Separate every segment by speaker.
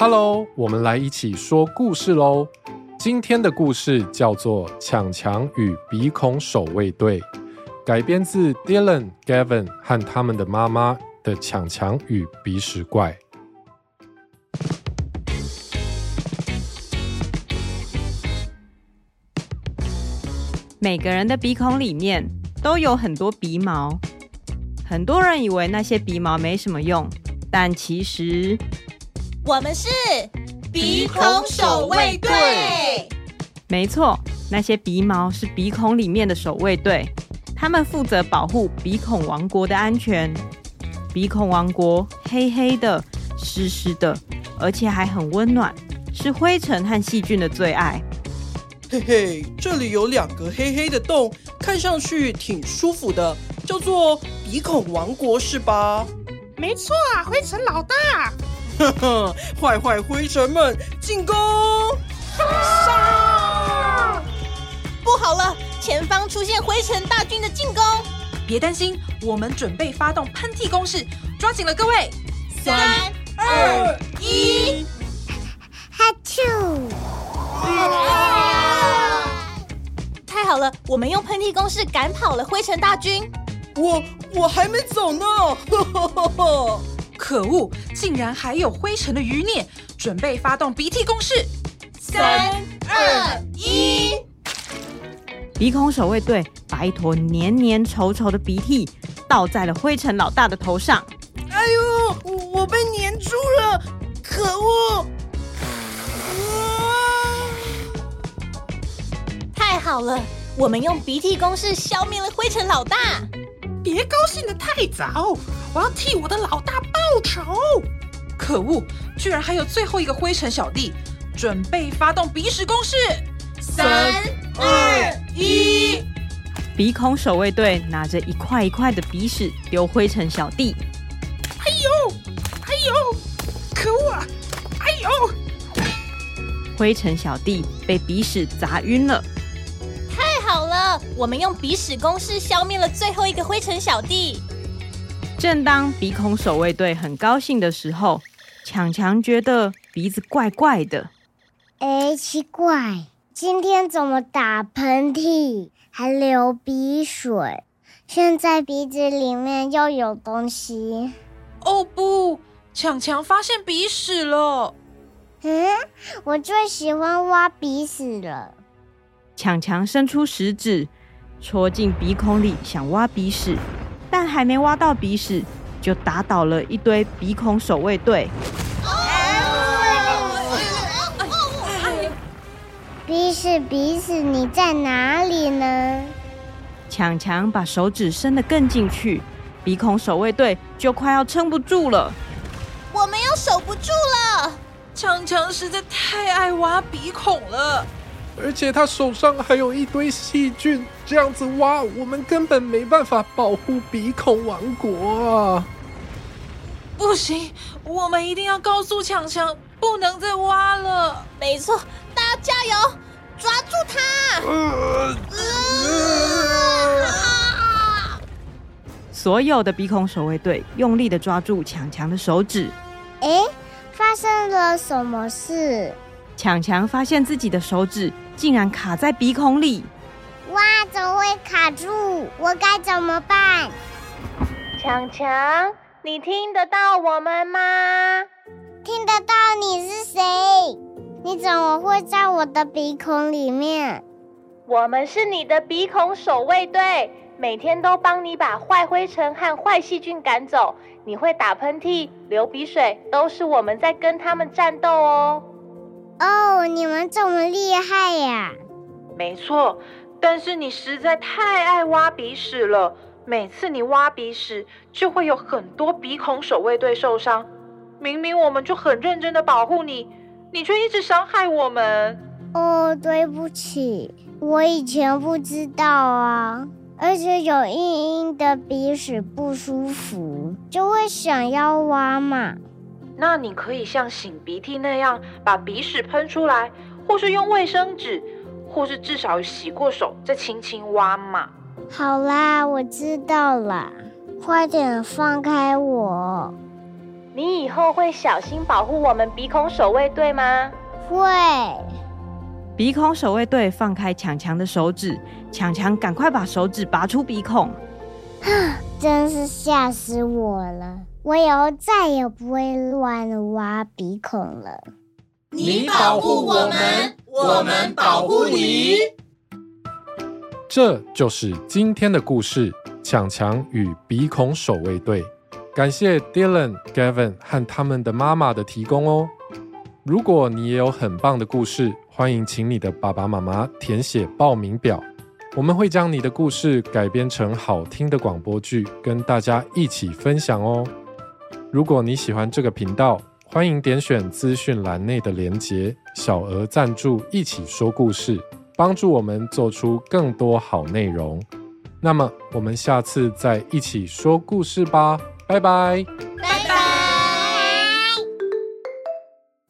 Speaker 1: Hello，我們來一起說故事嘍。今天的故事叫做《強強與鼻孔守衛隊》，改編自 Dylan、Gavin 和他們的媽媽的《強強與鼻屎怪》。
Speaker 2: 每個人的鼻孔裡面都有很多鼻毛，很多人以為那些鼻毛沒什麼用，但其實。
Speaker 3: 我們是鼻孔守衛
Speaker 4: 隊。
Speaker 2: 沒錯，那些鼻毛是鼻孔裡面的守衛隊，他們負責保護鼻孔王國的安全。鼻孔王國黑黑的、濕濕的，而且還很溫暖，是灰塵和細菌的最愛。
Speaker 3: 嘿嘿，這裡有兩個黑黑的洞，看上去挺舒服的，叫做鼻孔王國，是吧？
Speaker 4: 沒錯啊，灰塵老大。
Speaker 3: 呵呵，壞壞灰塵們，進攻！殺、啊。不好了，前方出現灰塵大軍的進攻！別擔心，我們準備發動噴嚏攻勢，抓緊了，各位！三、二、一，哈啾、 啊、太好了，我們用噴嚏攻勢趕跑了灰塵大軍！我我還沒走呢！ 可惡，竟然還有灰塵的餘孽，準備發動鼻涕攻勢！
Speaker 4: 三二一，三二一，
Speaker 2: 鼻孔守衛隊把一坨黏黏稠稠的鼻涕倒在了灰塵老大的頭上。
Speaker 4: 哎呦，
Speaker 3: 我，我被黏住了！可惡！太好了，我們用鼻涕攻勢消滅了灰塵老大。別高興得太早！我要替我的老大報仇。可惡，居然還有最後一個灰塵小弟，準備發動鼻屎攻勢。三二一，
Speaker 2: 鼻孔守衛隊拿着一塊一塊的鼻屎丟灰塵小弟。
Speaker 3: 哎呦，哎呦，可惡啊！哎呦，
Speaker 2: 灰塵小弟被鼻屎砸暈了。
Speaker 3: 我們用鼻屎公式消滅了最後一個灰塵小弟。
Speaker 2: 正當鼻孔守衛隊很高興的時候，強強覺得鼻子怪怪的。
Speaker 4: 哎，奇怪，今天怎麼打噴嚏還流鼻水？現在鼻子裡面又有東西。哦不，強強發現鼻屎了。嗯，我最喜歡挖鼻屎了。
Speaker 2: 強強伸出食指，戳進鼻孔裡想挖鼻屎，但還沒挖到鼻屎，就打倒了一堆鼻孔守衛隊。Oh! Oh!
Speaker 4: Oh! Oh! Oh! Oh! Oh! 鼻屎鼻屎，你在哪裡呢？
Speaker 2: 強強把手指伸得更進去，鼻孔守衛隊就快要撐不住了。
Speaker 3: 我們要守不住了！強強實在太愛挖鼻
Speaker 1: 孔了。而且他手上還有一堆細菌，這樣子挖，我們根本沒辦法保護鼻孔王國啊。不
Speaker 3: 行，我們一定要告訴強強，不能再挖了。沒錯，大家加油，
Speaker 2: 抓住他！呃，呃，呃，啊。所有的鼻孔守衛隊用力的抓住強強的手指。
Speaker 4: 哎，發生了什麼事？
Speaker 2: 強強發現自己的手指竟然卡在鼻孔裡，
Speaker 4: 哇！怎麼會卡住？我該怎麼辦？強強，你聽得到我們嗎？聽得到。你是誰？你怎麼會在我的鼻孔裡面？我們是你的鼻孔守衛隊，
Speaker 3: 每天都幫你把壞灰塵和壞細菌趕走。你會打噴嚏、流鼻水，都是我們在跟他們戰鬥哦。哦、oh，你們這麼厲害呀！啊！沒錯，但是你實在太愛挖鼻屎了。每次你挖鼻屎，就會有很多鼻孔守衛隊受傷。明明我們就很認真的保護你，你卻一直傷害我們。
Speaker 4: 哦，對不起，我以前不知道啊。而且有硬硬的鼻屎，不舒服，就會想要挖嘛。那你可以像擤
Speaker 3: 鼻涕那樣把鼻屎噴出來，或是用衛生紙，或是至少洗過手再輕輕挖嘛。
Speaker 4: 好啦，我知道啦，快點放開我！你以後會小心保護我們鼻孔守衛隊嗎？會。
Speaker 2: 鼻孔守衛隊放開強強的手指，強強趕快把手指拔出鼻孔。
Speaker 4: 真是嚇死我了！我以後再也不會亂挖鼻孔了。
Speaker 1: 你保
Speaker 4: 護我
Speaker 2: 們，
Speaker 1: 我們保護你。這就是今天的故事《強強與鼻孔守衛隊》。感謝 Dylan、Gavin 和他們的媽媽的提供哦。如果你也有很棒的故事，歡迎請你的爸爸媽媽填寫報名表。我們會將你的故事改編成好聽的廣播劇，跟大家一起分享哦。如果你喜歡這個頻道，歡迎點選資訊欄內的連結，小額贊助一起說故事，幫助我們做出更多好內容。那麼，我們下次再一起說故事吧，拜拜，拜拜。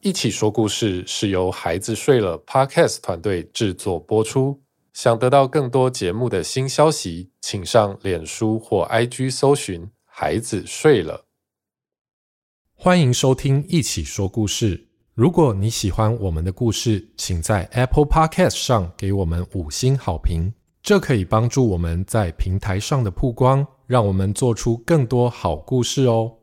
Speaker 1: 一起說故事是由孩子睡了 Podcast 團隊制作播出。想得到更多節目的新消息，請上臉書或 IG 搜尋“孩子睡了”。歡迎收聽《一起說故事》。如果你喜歡我們的故事，請在 Apple Podcast 上給我們五星好評，這可以幫助我們在平台上的曝光，讓我們做出更多好故事哦。